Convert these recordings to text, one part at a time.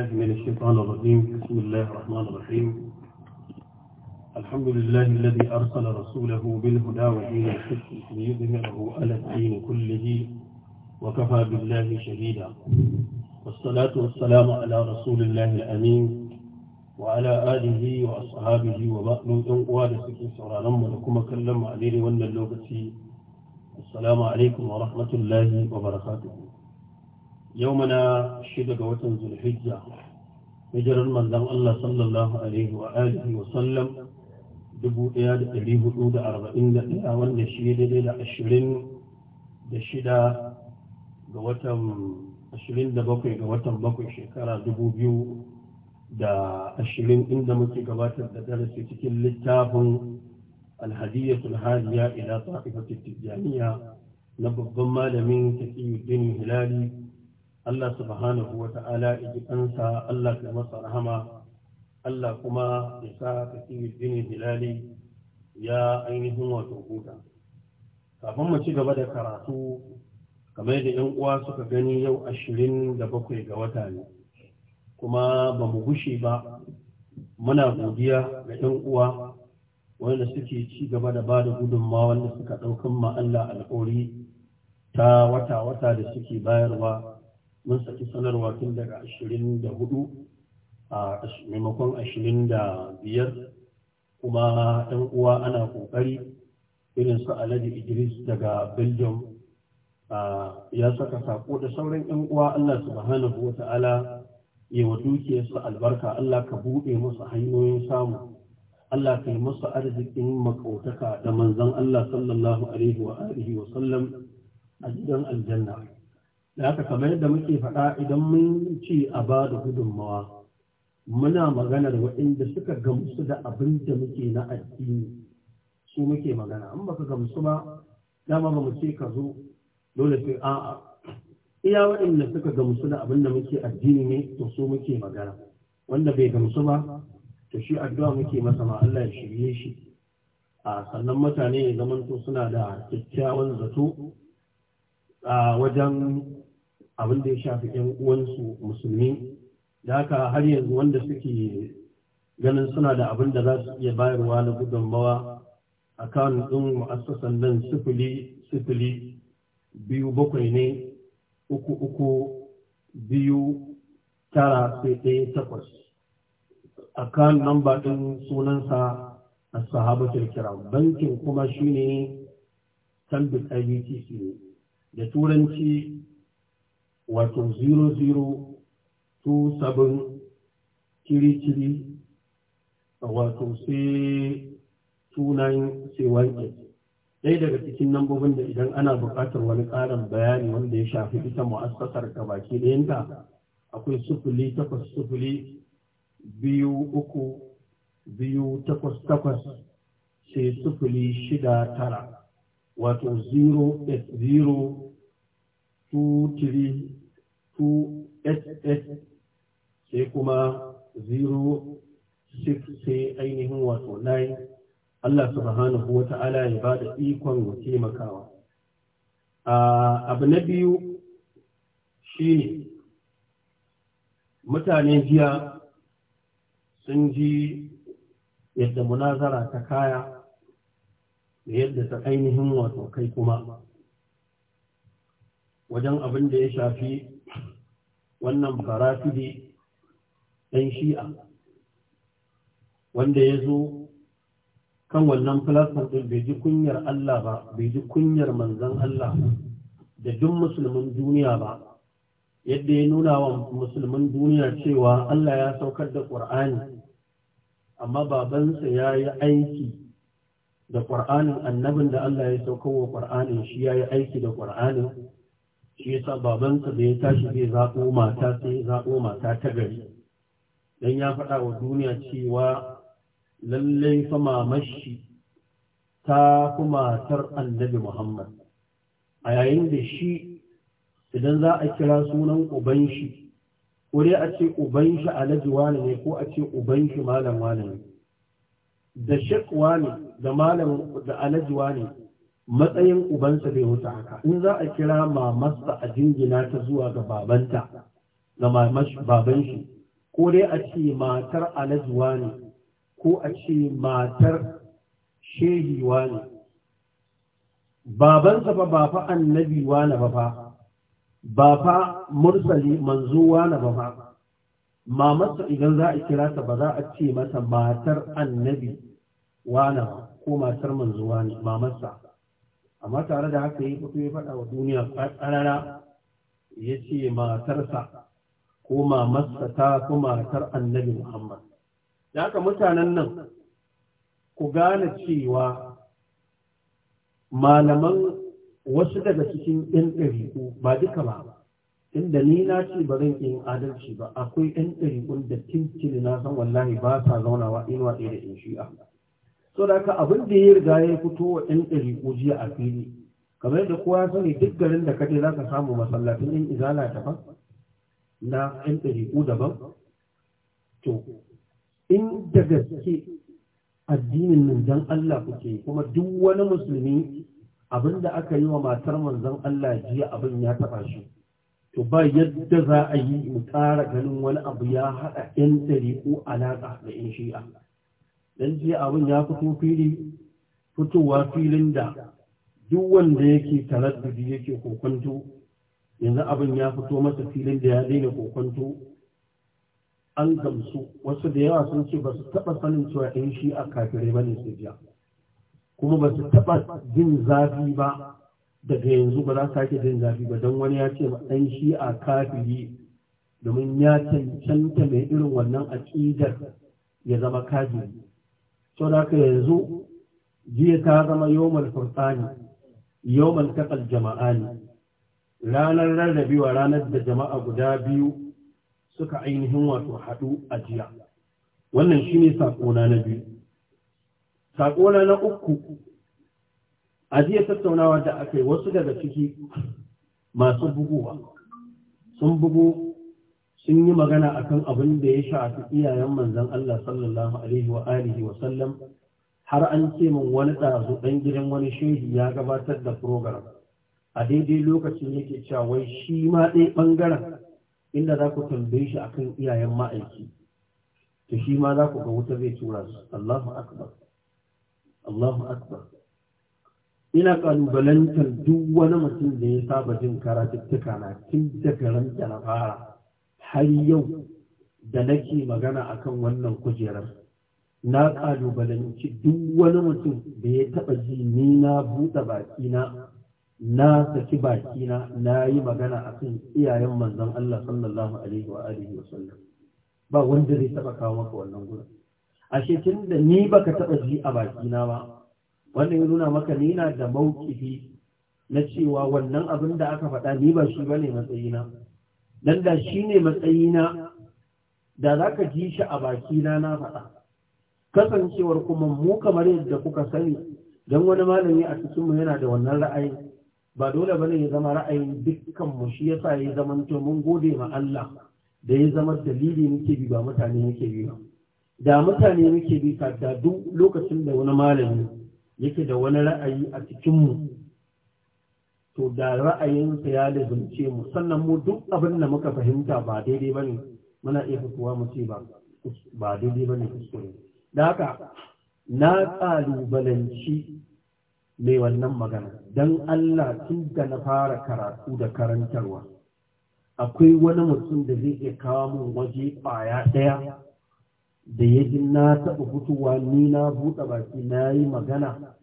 من الشيطان الرجيم بسم الله الرحمن الرحيم الحمد لله الذي أرسل رسوله بالهدى ودين الحق ليظهره على الدين كله وكفى بالله شهيدا والصلاة والسلام على رسول الله الأمين وعلى آله وأصحابه وبأنه أنقوال سكي سرانا ولكم كلم عليه وأن السلام عليكم ورحمة الله وبركاته yau mana shida ga watan zulhijja hijirar manzan Allah sallallahu alaihi wa alihi wa sallam ɗaya wanda shi daidai da shida ga watan bakwai ga watan bakwai shekara ashirin, inda muke gabatar da darasi cikin littafin الهدية الهادية إلى طائفة التجانية babban malamin لمن تكي الدين هلالي Allah subhanahu wa ta'ala iji ɗansa Allah ka masa rahama Allah kuma ya sa ka jinin hilali ya ainihin wato huta. Kafin mu ci gaba da karatu kamar da ‘yan uwa suka gani yau ashirin da bakwai ga wata ne, kuma ba mu gushe ba muna godiya ga ‘yan uwa wanda suke ci gaba da ba da gudunmawa wanda suka ɗaukan ma Allah alƙawari ta wata-wata da suke bayarwa. mun saki sanarwa tun daga 24 a maimakon biyar kuma ɗan uwa ana ƙoƙari irin su alhaji idris daga belgium ya saka sako da sauran yan uwa allah subhanahu wa ta'ala ya wa dukiyarsu albarka allah ka buɗe masa hanyoyin samu allah ka yi masa arzikin makautaka da manzan allah sallallahu alaihi wa sallam a gidan aljanna da haka kamar yadda muke faɗa idan mun ce a ba da gudunmawa muna maganar waɗanda suka gamsu da abin da muke na addini su muke magana in baka gamsu ba dama ba mu ce ka zo dole sai a'a iya waɗanda suka gamsu da abin da muke addini ne to su muke magana wanda bai gamsu ba to shi addu'a muke masa ma Allah ya shirye shi a sannan mutane ya zamanto suna da kyakkyawan zato a wajen abin da ya shafi ‘yan uwansu musulmi da haka har yanzu wanda suke ganin suna da abin da za su iya bayarwa na gudunmawa a kan ɗin mu'assasan nan sifili sifili biyu bakwai ne uku uku biyu tara sai ɗaya takwas a kan namba ɗin sunansa a sahabatul kira bankin kuma shine tambit ibtc da turanci wato 0027 kiri-kiri wato sai 2918 ɗaya daga cikin nambobin da idan ana buƙatar wani ƙarin bayani wanda ya shafi ita mu'assasar ka baki ɗayanta akwai sufuli takwas sufuli biyu uku biyu takwas takwas sai sufuli shida tara wato two 2SS sai kuma 06 sai ainihin wato 9 Allah subhanahu wa ta'ala ya ba da ikon taimakawa. Abu na biyu shi ne mutane jiya sun ji yadda munazara ta kaya da yadda ta ainihin wato kai kuma. wajen abin da ya shafi wannan farafidi ɗan shi'a wanda ya zo kan wannan platform ɗin bai ji kunyar Allah ba bai ji kunyar manzan Allah da duk musulmin duniya ba yadda ya nuna wa musulmin duniya cewa Allah ya saukar da ƙur'ani amma babansa ya yi aiki da ƙur'anin annabin da Allah ya saukar wa ƙur'anin shi ya yi aiki da ƙur'anin shi yasa babansa da ya tashi zai zaɓo mata sai ya zaɓo mata ta gari dan ya faɗa wa duniya cewa lallai fa mamashi ta fi matar annabi Muhammad a yayin da shi idan za a kira sunan uban shi wuri a ce uban shi alhaji ne ko a ce uban shi malam da shek wani da malam da alhaji wani matsayin ubansa bai wuce haka in za a kira mamarsa a jingina ta zuwa ga babanta ga baban shi ko dai a ce matar alazuwa ne ko a ce matar shehiwa ne babansa ba ba fa annabi wane ba fa ba fa mursali manzo wane ba fa mamarsa idan za a kira ta ba za a ce mata matar annabi wane ko matar manzo wane mamarsa amma tare da haka ya fito ya faɗa wa duniya ƙarara ya ce matarsa ko mamarsa ta ko matar annabi Muhammad. Da haka mutanen nan ku gane cewa malaman wasu daga cikin ‘yan ɗariƙu ba duka ba, inda ni na ce ba zan yin adalci ba, akwai ‘yan ɗariƙun da tintini na san wallahi ba sa zaunawa inuwa ɗaya da in shi'a. so da ka abin da ya riga ya fito wa ɗan ɗari jiya a fili kamar yadda kowa ya sani duk garin da kaje za ka samu masallacin ɗin izala daban na ɗan ɗari daban to in da gaske addinin nan dan Allah kuke kuma duk wani musulmi abin da aka yi wa matar manzon Allah jiya abin ya taɓa shi to ba yadda za a yi mu ƙara ganin wani abu ya haɗa ɗan ɗari alaƙa da in shi'a dan jiya abin ya fito fili fitowa filin da duk wanda yake taraddudi yake kokonto yanzu abin ya fito masa filin da ya daina kokonto an gamsu wasu da yawa sun ce ba su taɓa sanin cewa in shi a kafirai ba ne su jiya kuma ba su taɓa jin zafi ba daga yanzu ba za su sake jin zafi ba don wani ya ce ba ɗan shi a kafiri domin ya cancanta mai irin wannan aƙidar ya zama kafiri to da ka yanzu jiya ta zama yawmal furqani yawmal taqal jama'ani ranar rarrabewa ranar da jama'a guda biyu suka ainihin wato haɗu a jiya wannan shine saƙona na biyu Saƙona na uku a jiya tattaunawa da aka yi wasu daga ciki masu buguwa sun bugu sun yi magana a kan abin da ya shafi iyayen manzon Allah sallallahu alaihi wa alihi wa sallam har an ce min wani ɗazu ɗan gidan wani shehi ya gabatar da program a daidai lokacin yake cewa wai shi ma ɗaya ɓangaren inda za ku tambaye shi akan iyayen ma'aiki to shi ma za ku ga wuta zai tura su Allahu akbar Allahu akbar ina kalubalantar duk wani mutum da ya saba jin karatuttuka na tun daga ran da na fara har yau da nake magana akan wannan kujerar na ƙalubalanci duk wani mutum da ya taɓa ji ni na buɗe bakina na saki bakina na yi magana akan iyayen manzon Allah sallallahu alaihi wa alihi wa sallam ba wanda zai taɓa kawo maka wannan gurin ashe tun da ni baka taɓa ji a bakina ba wannan ya nuna maka ni na da maukifi na cewa wannan abin da aka faɗa ni ba shi bane matsayina Lalla da ne matsayina da za ka ji shi a baki na na faɗa kasancewar kuma mu kamar yadda kuka sani don wani malami a cikinmu yana da wannan ra'ayi ba dole bane ya zama ra'ayin dukkan mu shi yasa ya zama to mun gode ma Allah da ya zama dalili muke bi ba mutane muke bi ba da mutane muke bi ka da duk lokacin da wani malami yake da wani ra'ayi a cikinmu. to da ra'ayinsa ya lizumce mu sannan mu duk abin da muka fahimta ba daidai ba ne muna iya fitowa mu ce ba daidai ba ne kuskure da haka na ƙalubalanci mai wannan magana don Allah tun da na fara karatu da karantarwa akwai wani mutum da zai iya kawo min waje ƙwaya ɗaya da ya na taɓa fitowa ni na buɗe baki na yi magana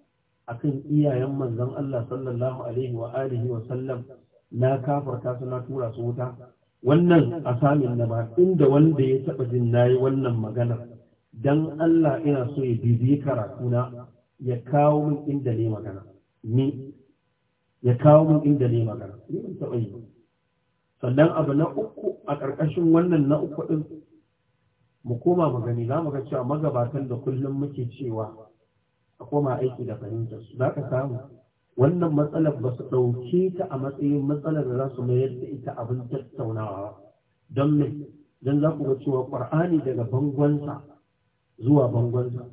akan iyayen manzon Allah sallallahu alaihi wa alihi wa sallam na kafarta su na tura su wuta wannan samin na ba inda wanda ya taba jin nayi wannan magana dan Allah ina so ya bibi karatuna ya kawo min inda ne magana ni ya kawo min inda ne magana ni ban taba yi sannan abu na uku a ƙarƙashin wannan na uku din mu koma magani za mu ga cewa magabatan da kullum muke cewa a koma aiki da fahimtar su za ka samu wannan matsalar ba su ɗauke ta a matsayin matsalar da za su mayar da ita abin tattaunawa don me don za ku ga cewa ƙwar'ani daga bangonsa zuwa bangonsa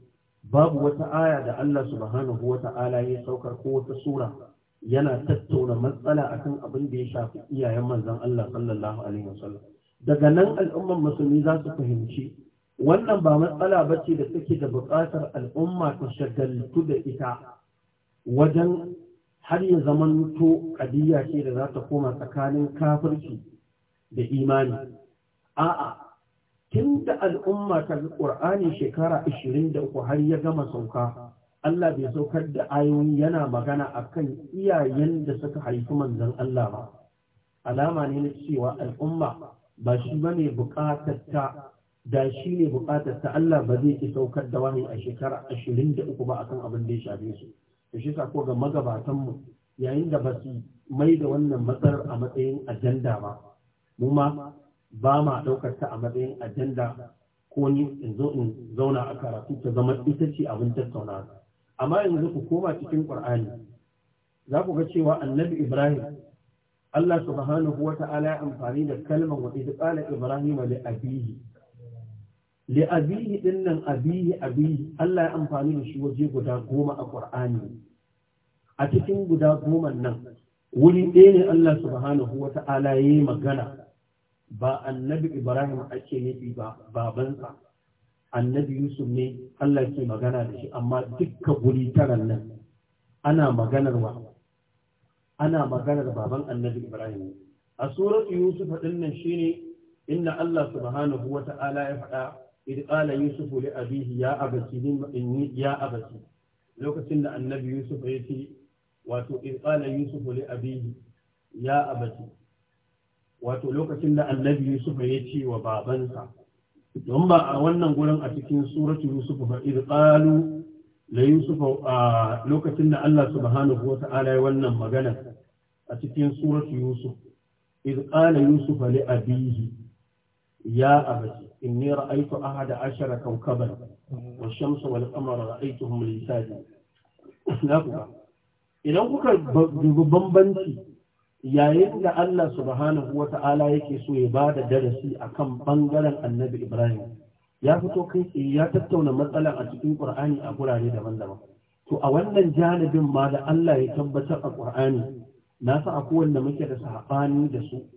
babu wata aya da Allah subhanahu wa ta'ala ya saukar ko wata sura yana tattauna matsala akan abin da ya shafi iyayen manzan Allah sallallahu alaihi wasallam daga nan al'ummar musulmi za su fahimci wannan ba matsala ba ce da suke da buƙatar al'umma ta shagaltu da ita wajen har ya zamanto ƙadiyya ce da za ta koma tsakanin kafirci da imani. A'a, tun da al'umma ta ƙur'ani shekara 23 har ya gama sauka, Allah bai saukar da ayoyi yana magana akan iyayen da suka haifi manzan Allah ba. Alama ne na cewa al'umma ba shi bane buƙatar ta da shi ne bukatar ta Allah ba zai ki saukar da wani a shekara ashirin da uku ba akan abin da ya shafe su da shi ko ga mu yayin da ba su mai da wannan matsalar a matsayin ajanda ba mu ma ba ma ɗaukar ta a matsayin ajanda ko ni in zo in zauna a karatu ta zama ita ce abin tattauna amma yanzu ku koma cikin qur'ani za ku ga cewa annabi ibrahim Allah subhanahu wa ta'ala ya amfani da kalmar wa idh ibrahim li abihi li abihi dinnan abihi abihi Allah ya amfani da shi waje guda goma a Qur'ani a cikin guda goma nan wuri ɗaya ne Allah subhanahu wa ta'ala yi magana ba annabi Ibrahim ake nufi ba babansa annabi Yusuf ne Allah ke magana da shi amma dukka guri tara nan ana maganar wa ana maganar baban annabi Ibrahim a suratu Yusuf din nan shine inna Allah subhanahu wa ta'ala ya faɗa إذ قال يوسف لأبيه يا أبتي لم إني يا أبتي لو كتن النبي يوسف يتي واتو إذ قال يوسف لأبيه يا أبتي واتو لو النبي يوسف don ba a wannan gurin a cikin suratul yusuf ba idh qalu la yusuf a lokacin da Allah subhanahu wa ta'ala wannan magana a cikin suratu yusuf idh qala يا أبتي إني رأيت أحد عشر كوكبا والشمس والقمر رأيتهم لي ساجدين idan kuka bambanci yayin da Allah subhanahu wa ta'ala yake so ya ba da darasi a kan ɓangaren annabi Ibrahim ya fito kai ya tattauna matsalar a cikin Ƙur'ani a gurare daban-daban. To a wannan janibin ma da Allah ya tabbatar a Ƙur'ani na sa a kowanne muke da sahabani da su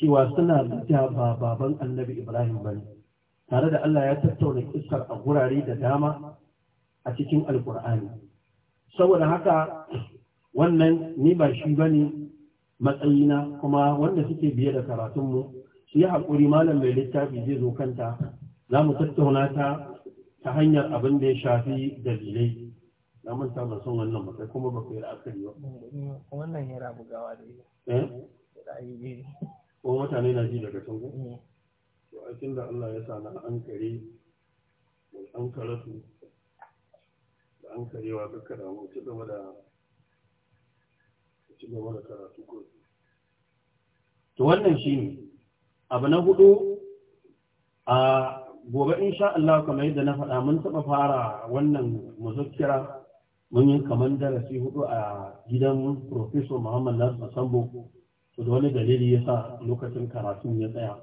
cewa suna da ba baban annabi Ibrahim ba ne, tare da Allah ya tattauna iskar a gurare da dama a cikin Alƙur'ani. Saboda haka wannan ni ba shi ba ne matsayina kuma wanda suke biye da karatunmu su yi haƙuri malam mai littafi zai zo kanta za mu tattauna ta ta hanyar abin da ya shafi dalilai. Na manta ban son wannan ba kai kuma ba ku yi la'akari ba. Wannan rabu gawa da eh? yi. Eh? ko mutane na ji daga can mm. to a cikin da Allah ya sa na an kare an karatu da an karewa kakka da mu ci gaba da ci gaba da karatu ko to wannan shine abu na hudu a gobe insha Allah kamar yadda na faɗa mun taɓa fara wannan muzakkira mun yi kamar darasi hudu a gidan Professor Muhammad Nasir Sambo to da wani dalili ya sa lokacin karatun ya tsaya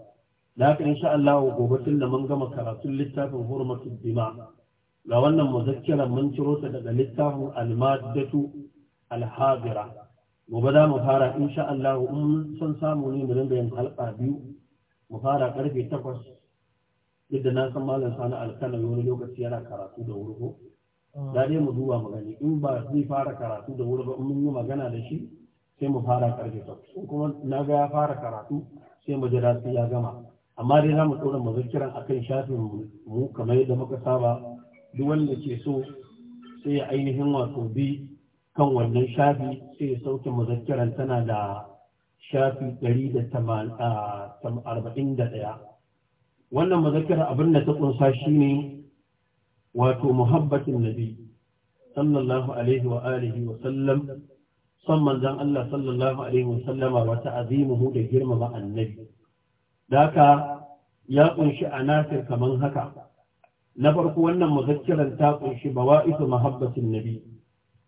da haka insha Allah gobe tun da mun gama karatun littafin hurma, dima ga wannan muzakkira mun ciro ta daga littafin al-maddatu gobe za mu fara insha Allah in sun samu ne mu dinga yin halka biyu mu fara karfe takwas yadda na san malam sani alkana wani lokaci yana karatu da wurgo ah. da dai mu duba magani. in ba zai fara karatu da wurgo in mun yi magana da shi sai mu fara karfe takwas in kuma na ga ya fara karatu sai mu jira sai ya gama amma dai za mu tsora mu zikiran kan shafin mu kamar yadda muka saba duk wanda ke so sai ya ainihin wato bi kan wannan shafi sai ya sauke muzakkiran tana da shafi ɗaya. wannan muzakkira abin da ta shi shine wato muhabbatin nabi sallallahu alaihi wa alihi wa sallam son manzon Allah sallallahu alaihi wasallama wa ta'zimuhu da girmama annabi daka ya kunshi anasir kaman haka na farko wannan muzakkiran ta kunshi bawa'isu mahabbatin nabi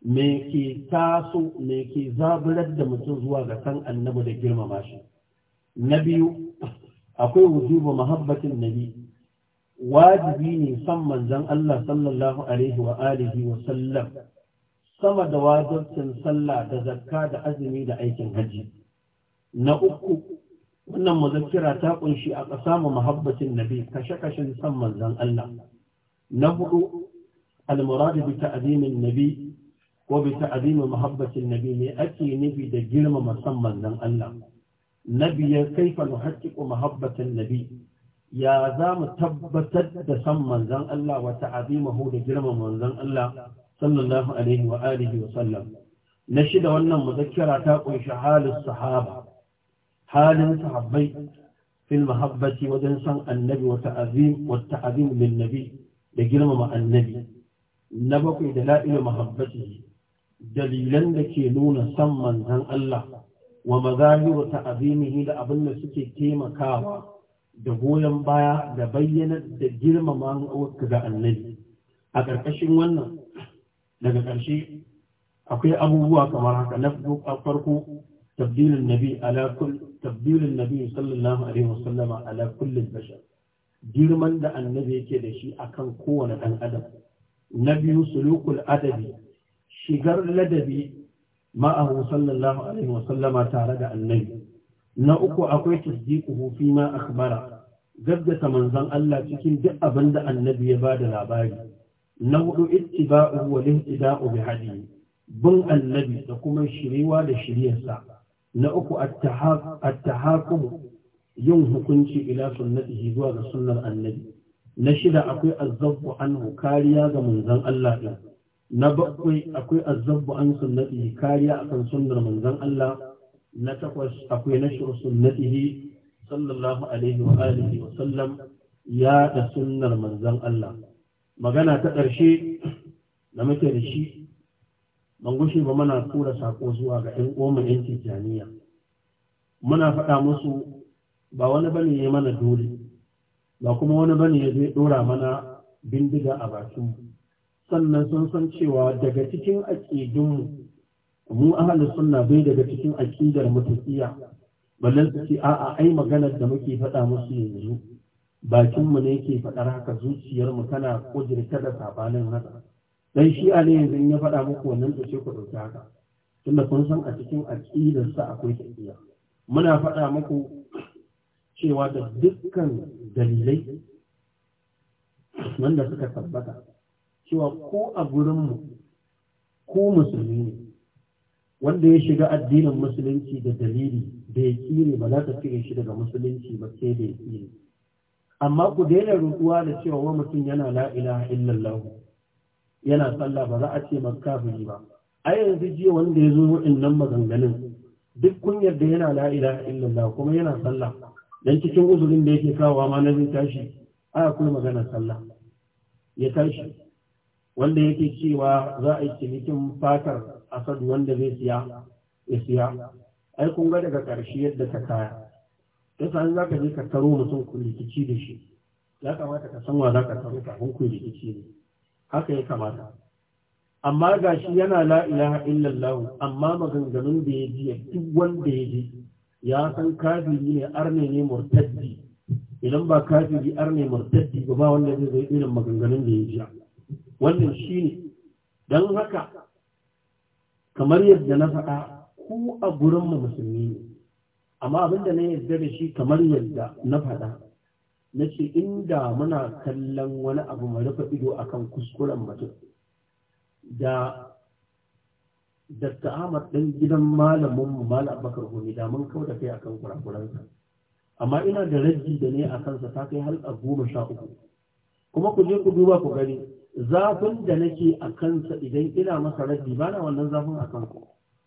me ke taso me ke zaburar da mutum zuwa ga san annabi da girmama shi na biyu akwai wujubu mahabbatin nabi wajibi ne san manzon Allah sallallahu alaihi wa alihi wa sallam sama da wajibcin sallah da zakka da azumi da aikin hajji. Na uku, wannan muzakira ta ƙunshi a ƙasa mu muhabbatin nabi kashe-kashen san manzan Allah. Na hudu, almuradu bi ta'zimin nabi ko bi ta'zimin muhabbatin nabi ne ake nufi da girmama san manzan Allah. Na biyar kai kaifa nuhaqqiqu muhabbatin nabi ya za mu tabbatar da san manzan Allah wata ta'zimahu da girmama manzan Allah sallallahu alaihi wa alihi wa sallam na shida wannan muzakkara ta kunshi halin sahaba halin sahabbai fil mahabbati wajen san annabi wa ta'azim wa ta'azim lin nabi da girmama annabi na bakwai da la'ilu mahabbati dalilan da ke nuna san manzon Allah wa mazahir ta'azimihi da abin da suke taimakawa da goyon baya da bayyana da girmama ga annabi a ƙarƙashin wannan daga ƙarshe akwai abubuwa kamar haka na farko tabdilin nabi ala nabi sallallahu alaihi wasallama ala kullin bashar girman da annabi yake da shi akan kowane ɗan adam na biyu sulukul adabi shigar ladabi ma'ahu sallallahu alaihi wasallama tare da annabi na uku akwai tasdiquhu fi ma akhbara gaggata manzon Allah cikin duk abin da annabi ya bada labari na hudu ittiba'u wa lihtida'u bi hadiyi bin annabi da kuma shiriwa da shiryarsa na uku at-tahakum yin hukunci ila sunnatihi zuwa ga sunnar annabi na shida akwai azzabbu anhu kariya ga manzon Allah din na bakwai akwai azzabbu an sunnatihi kariya akan sunnar manzon Allah na takwas akwai nashru sunnatihi sallallahu alaihi wa alihi wa sallam ya da sunnar manzon Allah magana ta ƙarshe da muke da shi ban gushe ba muna tura sako zuwa ga ɗan ƙoma ɗan tijjaniya muna faɗa musu ba wani bane ya mana dole ba kuma wani bane ya zai ɗora mana bindiga a bakin sannan sun san cewa daga cikin aƙidunmu mu ahalu sunna bai daga cikin aƙidar mu tafiya ballan su ce a'a ai maganar da muke faɗa musu yanzu bakinmu ne ke faɗar haka zuciyarmu tana kujirta da sabanin haka dan shi ne yanzu ya faɗa muku wannan to sai ku ɗauki haka tunda kun san a cikin sa akwai tafiya muna faɗa muku cewa da dukkan dalilai wanda suka tabbata cewa ko a mu ko musulmi ne wanda ya shiga addinin musulunci da dalili da ya kire ba za ta cire shi daga musulunci ba sai da ya kire amma ku daina rutuwa da cewa wa mutum yana la ilaha illallah yana sallah ba za a ce kafiri ba a yanzu jiya wanda ya zo wa'annan maganganun duk kun yarda yana la ilaha illallah kuma yana sallah dan cikin uzurin da yake kawo ma nan tashi a kuma magana sallah ya tashi wanda yake cewa za a yi cinikin fatar asad wanda zai siya ya siya ai kun ga daga ƙarshe yadda ta kaya yasa in za ka je ka taro mutum ku rikici da shi ya kamata ka san wa za ka taro kafin ku rikici ne haka ya kamata amma ga shi yana la ilaha illallah amma maganganun da ya ji duk wanda ya ji ya san kafiri ne arne ne murtaddi idan ba kafiri arne murtaddi ba wanda zai zai irin maganganun da ya ji wannan shi ne. Don haka kamar yadda na faɗa ku a gurin mu musulmi ne amma abin da na yarda da shi kamar yadda na faɗa na ce inda muna kallon wani abu mai rufe ido akan kuskuren mutum da dakta Ahmad ɗin gidan malamin mu Malam abakar Huni da mun kauda kai akan kurakuransa amma ina da rajji da ne a kansa ta kai har a goma sha uku kuma ku je ku duba ku gani zafin da nake a kansa idan ina masa rajji ba na wannan zafin a kanku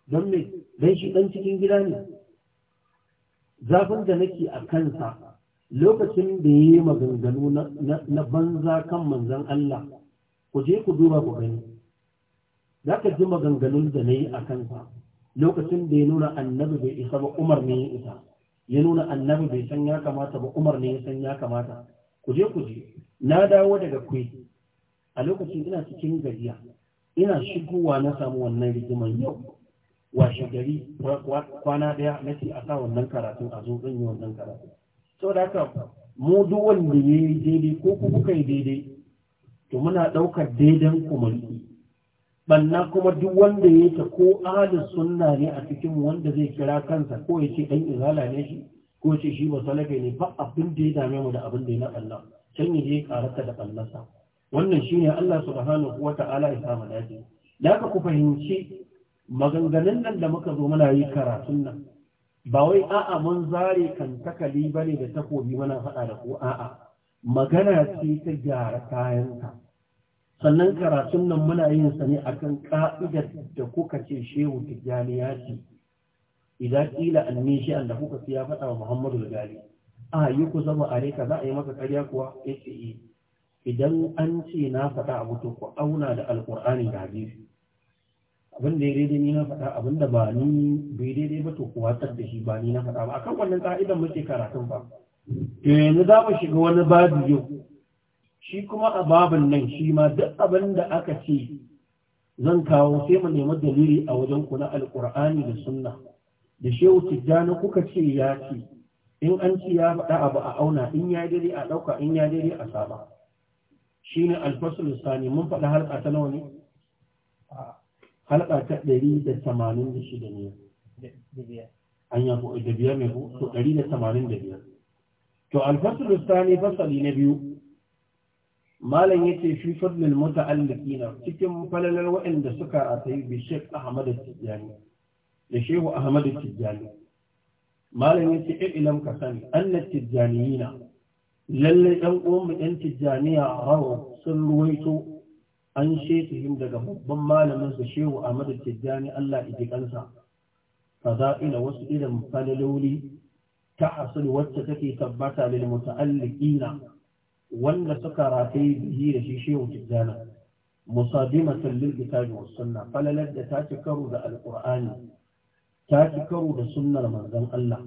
don me dan shi dan cikin gida ne zafin da nake a kansa lokacin da ya yi maganganu na banza kan manzan Allah ku je ku duba ku gani za ka ji maganganun da na yi a kansa lokacin da ya nuna annabi bai isa ba umar ne ya isa ya nuna annabi bai san ya kamata ba umar ne ya san ya kamata ku je ku je na dawo daga kwai a lokacin ina cikin gajiya ina shigowa na samu wannan rigimar yau washe gari kwana ɗaya na ce a sa wannan karatun a zo zan yi wannan karatun da haka mu duk wanda ya yi daidai ko kuka yi daidai to muna ɗaukar daidan kumalli banna kuma duk wanda ya ta ko ahalin sunna ne a cikin wanda zai kira kansa ko ya ce ɗan izala ne shi ko ce shi ba salafi ne ba abin da ya dame mu da abin da ya na can ya je karata da sa. wannan shi ne Allah subhanahu wa ta'ala ya samu dace da ka ku fahimci maganganun nan da muka zo muna yi karatun nan ba wai a'a mun zare kan takali bane da takobi muna faɗa da ko a'a magana ce ta gyara kayanka sannan karatun nan muna yin sa ne akan ka'idar da kuka ce shehu tijjani ya ce idan kila anni shi da kuka siya faɗawa faɗa wa muhammadu gali a yi ku zama a reka za a yi maka karya kuwa ya eh. idan an ce na faɗa a to ku auna da alƙur'ani da hadisi abin da ya daidai ni na faɗa abin da ba ni bai daidai ba to kuwa tar da shi ba ni na faɗa ba akan wannan ka'idan muke karatun ba to yanzu za mu shiga wani babu yau shi kuma a babin nan shi ma duk abin da aka ce zan kawo sai mu nemi dalili a wajen ku na alkur'ani da sunna da shehu tijjani kuka ce ya ce in an ci ya faɗa abu a auna in ya daidai a ɗauka in ya daidai a saba shine alfasul sani mun faɗa har ta nawa ne halka ta ɗari da tamanin da shida ne an yako da biyar mai to ɗari da tamanin da biyar to alfasul sani fasali na biyu malam ya yace fi fadlil muta'alliqina cikin falalar waɗanda suka ratayi bi Sheikh Ahmad Tijani da Shehu Ahmad Tijani malam yace ilam ka sani anna Tijaniyina lalle ɗan uwan mu ɗan a rawa sun ruwaito an him daga babban malaminsa shehu Ahmadu Tijjani Allah iji kansa fada'ila wasu irin falaloli ta asali wacce take tabbata lil muta'alliqina wanda suka rataye bihi da shi shehu Tijjani musadimatan lil kitabi was sunna falalar da ta ci karo da alqur'ani ta ci karo da sunnar manzon Allah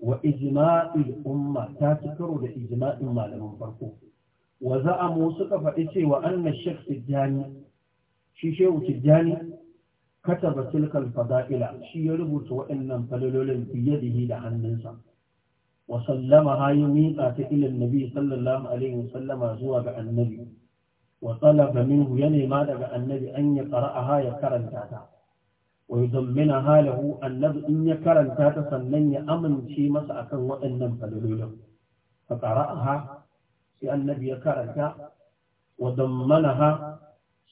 wa ijma'il umma ta ci karo da ijma'in malaman farko wa za'amu suka faɗi cewa anna tijjani shi shehu tijjani kataba tilkal fada'ila shi ya rubuta waɗannan falalolin fiye da hannunsa wa sallama hayi miƙa ta ilin nabi sallallahu alaihi sallama zuwa ga annabi wa talaba minhu ya nema daga annabi an ya qara'aha ya karanta ta wa yudammina halahu annabi in ya karanta ta sannan ya amince masa akan waɗannan falalolin fa qara'aha sai annabi ya karanta wa dammanaha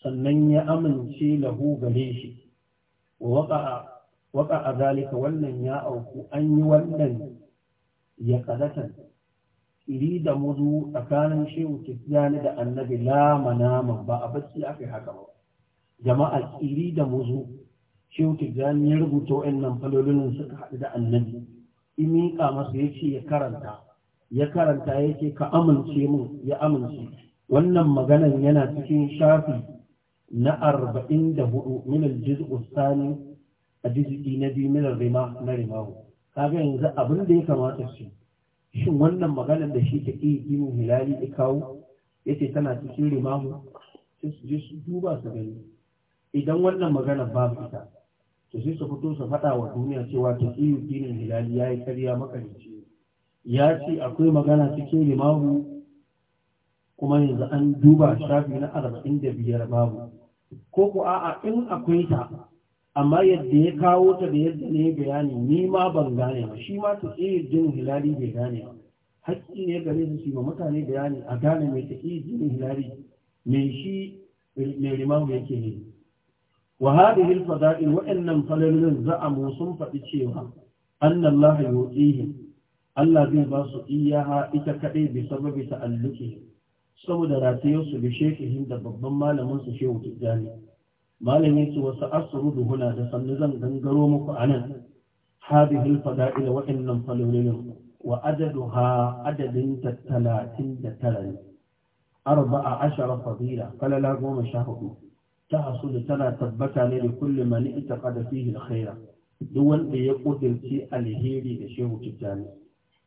sannan ya amince lahu gare shi wa waka a zalika wannan ya auku an yi wannan ya kadatan iri da muzu tsakanin shehu tijjani da annabi la manama ba a bacci aka yi haka ba jama'a iri da muzu shehu tijjani ya rubuta wa'annan falolin suka haɗu da annabi Imi miƙa masa ya ce ya karanta ya karanta ya ce ka amince mu ya amince wannan maganan yana cikin shafi na arba'in da hudu min aljiz'u sani a jiz'i na biyu min rima na rimahu kaga yanzu abin da ya kamata su shin wannan maganar da shi ta iya dinin hilali ya kawo Ya ce tana cikin rimahu sai su je su duba su gani idan wannan magana ba ita to sai su fito su faɗa wa duniya cewa ta iya dinin hilali ya yi karya makarici ya ce akwai magana cikin limamu kuma yanzu an duba shafi na arba'in da biyar babu ko ku a'a in akwai ta amma yadda ya kawo ta da yadda ne bayani ni ma ban gane ba shi ma ta jin hilali bai gane ba haƙƙi ne gare su shi ma mutane bayani a gane mai ta jin hilali mai shi mai limamu yake ne wa hadhihi al-fada'il wa annam za'amu sun faɗi cewa anna yu'tihim Allah zai ba su iyaha ita kaɗai bi sababi ta'alluki saboda ratayarsu da shekihin da babban malamin su shehu tijjani malamin su wasu asuru da da sannu zan gangaro muku a nan hadihil fada'il wa'annan falolin wa ha adadin ta talatin da tara ne arba'a ashara fadila falala goma sha hudu ta hasu da tana tabbata ne da kullum mani ita kada fihi alkhaira duk wanda ya kudirce alheri da shehu tijjani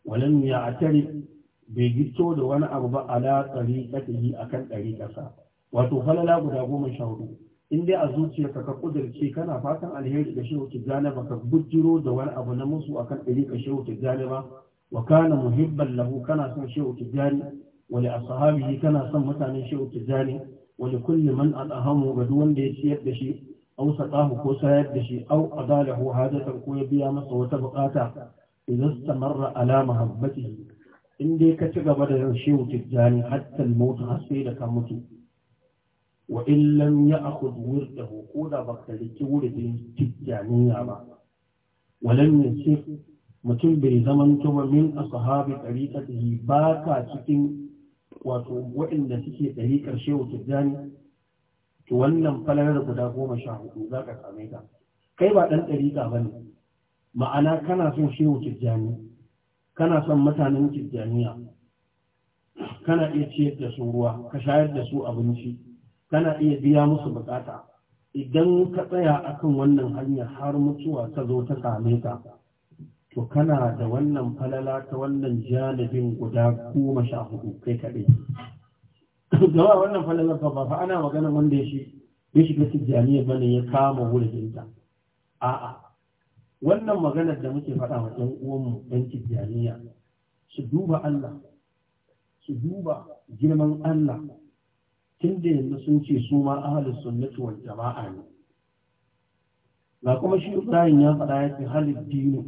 walam ya atari bai gito da wani abu ba ala tsariƙatihi a kan ɗariƙasa wato falala guda goma sha hudu in dai a zuciya ka kudurce kana fatan alheri da shehu tijjani ba ka bujiro da wani abu na musu akan ɗariƙa shehu tijjani ba wa kana muhibban lahu kana son shehu tijjani wa li ashabihi kana son mutanen shehu tijjani wa li kulli man atahamu ga duk wanda ya ciyar da shi Au saqahu ko sayar da shi Au adalahu hadatan ko ya biya masa wata buƙata idan samarra ala mahabbati in dai ka ci gaba da yin shehu tijjani hatta mutu har sai da ka mutu wa in lam ya'khudh wirdahu ko da ba ka riki wurin tijjaniya ba walan yasif mutum bai zaman tuma min ashabi tariqatihi ba ka cikin wato waɗanda suke tariqar shehu tijjani to wannan falalar guda goma sha hudu za ka same ta kai ba ɗan tariqa bane ma'ana kana son shehu tijjani kana son mutanen tijjaniya kana iya ciyar da su ruwa ka shayar da su abinci kana iya biya musu bukata idan ka tsaya akan wannan hanyar har mutuwa ta zo ta same ka to kana da wannan falala ta wannan janibin guda goma sha hudu kai kaɗai gawa wannan falalar fa fa ana magana wanda ya shi ya shiga tijjaniya bane ya kama wurin a'a wannan maganar da muke faɗa wa ɗan uwanmu ɗan kijiyaniya su duba Allah su duba girman Allah tun da yanzu sun ce su ma ahalus sunnati wal jama'a ne ga kuma shi Ibrahim ya faɗa ya fi halin dinu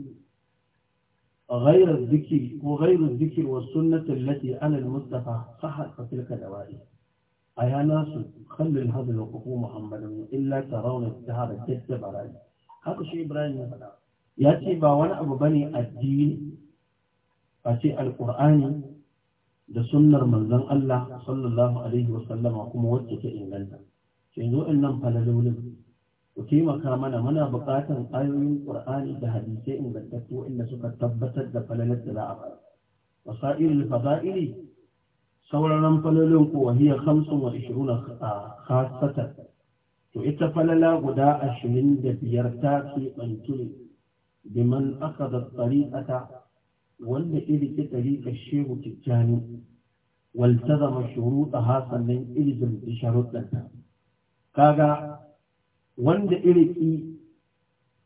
ghairu dhikri wa ghairu dhikri wa sunnati allati ala al mustafa sahat fa tilka dawai ayana su khallil hadhihi al hukuma muhammadan illa tarawna ittihada jadd barai haka shi Ibrahim ya faɗa ya ce ba wani abu ba ne addini a ce alƙur'ani da sunnar manzon Allah sallallahu alaihi wasallama kuma wacce ta inganta sai zo in nan falalolin ku taimaka mana muna buƙatar ayoyin ƙur'ani da hadisai ingantattu inda suka tabbatar da falalar da za a fara wasa'ilul fada'ili sauraron falalin wa wahiya a khassatan to ita falala guda ashirin da biyar ta ke bantu biman akhadha tariqata wanda ilike tariqar shehu tijjani waltazama shuruɗaha sannan ilzim sharuɗanta kaga wanda iriki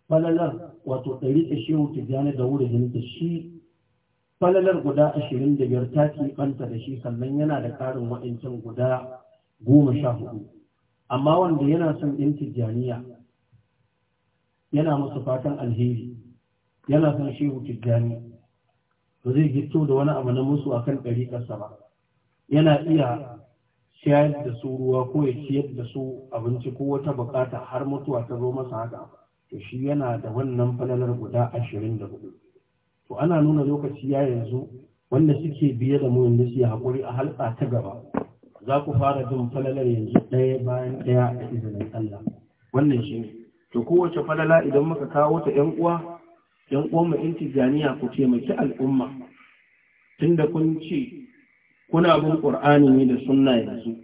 falalar wato ɗari da shehu tijjani da wurin da shi falalar guda ashirin da biyar ta ɓanta da shi sannan yana da ƙarin waɗancan guda goma sha hudu amma wanda yana son ɗin tijjaniya yana masu fatan alheri yana son shehu tijjani ba zai gito da wani abu na musu akan ɗariƙarsa ba yana iya shayar da su ruwa ko ya ciyar da su abinci ko wata bukata har mutuwa ta zo masa haka to shi yana da wannan falalar guda ashirin da hudu to ana nuna lokaci ya yanzu wanda suke biye da mu yanzu su haƙuri a halka ta gaba za ku fara jin falalar yanzu ɗaya bayan ɗaya a izinin Allah wannan shi ne. to kowace falala idan muka kawo ta ƴan uwa yan uwanmu in tijaniya ku taimaki al'umma tunda kun ce kuna bin ƙur'ani ne da sunna yanzu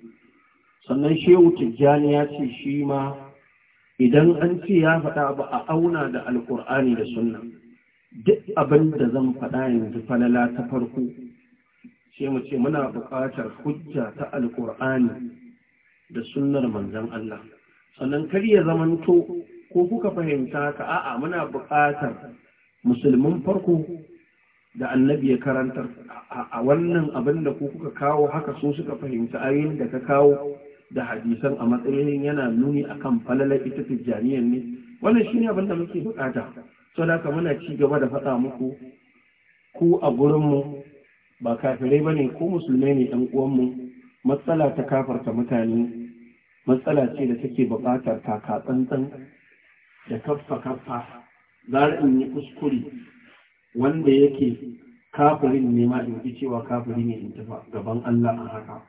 sannan shehu tijjani ya ce shi ma idan an ce ya faɗa ba a auna da alƙur'ani da sunna duk abin da zan faɗa yanzu falala ta farko sai mu ce muna buƙatar hujja ta alƙur'ani da sunnar manzon Allah sannan kar ya zamanto ko kuka fahimta ka a'a muna buƙatar musulmin farko da annabi ya karantar a wannan abin da ku kuka kawo haka so suka fahimci ayin da ka kawo da hadisan a matsayin yana nuni akan falalar ita tijjaniyar ne wannan shine abin da muke bukata ka muna ci gaba da faɗa muku ku a gurinmu ba kafirai ba ne, ko musulmai ne ɗan uwanmu matsala ta kafarta mutane matsala ce da take buƙatar kakatsantsan da kaffa kaffa gara in yi kuskure wanda yake kafirin ne ma in fi cewa kafiri ne in tafa gaban Allah a haka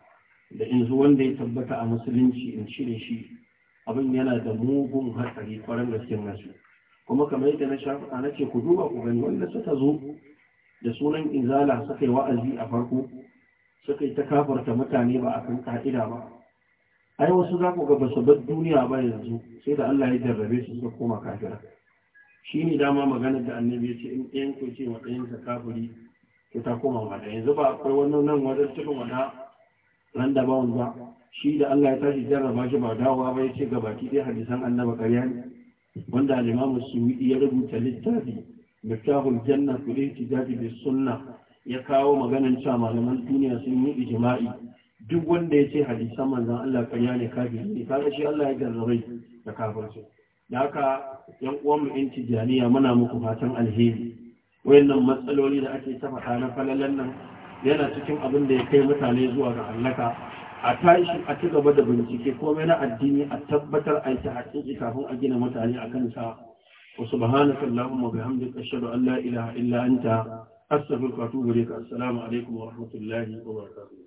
da in zo wanda ya tabbata a musulunci in cire shi abin yana da mugun hatsari kwarin gaskiyar nasu kuma kamar yadda na shafa na ce ku duba ku gani wanda suka zo da sunan izala suka yi wa'azi a farko suka yi ta kafarta mutane ba a kan ka'ida ba ai wasu za ku ga ba bar duniya ba yanzu sai da Allah ya jarrabe su suka koma kafira shi ne dama maganar da annabi ce in ɗayan ku ce wa ka kafuri ko ta koma da yanzu ba akwai wannan nan wajen cikin wata nan da bawan ba shi da Allah ya tashi jarraba shi ba dawowa ba ya ce ga baki ɗaya hadisan annaba ƙarya ne wanda alimamu su ya rubuta littafi miftahul janna fil ihtijaji bis sunna ya kawo maganan cewa malaman duniya sun yi ijma'i duk wanda ya ce hadisan manzan Allah ƙarya ne kafiri ne kaga shi Allah ya jarrabai da kafirci da haka yan uwanmu yan tijjaniya muna muku fatan alheri wayannan matsaloli da ake ta faɗa na falalan nan yana cikin abin da ya kai mutane zuwa ga allaka. a tashi a ci gaba da bincike komai na addini a tabbatar a yi ta haƙiƙi kafin a gina mutane a kansa wa subhanaka allahumma bihamdika ashhadu an la ilaha illa anta astaghfiruka wa atubu ilaik assalamu alaikum wa rahmatullahi wa barakatuh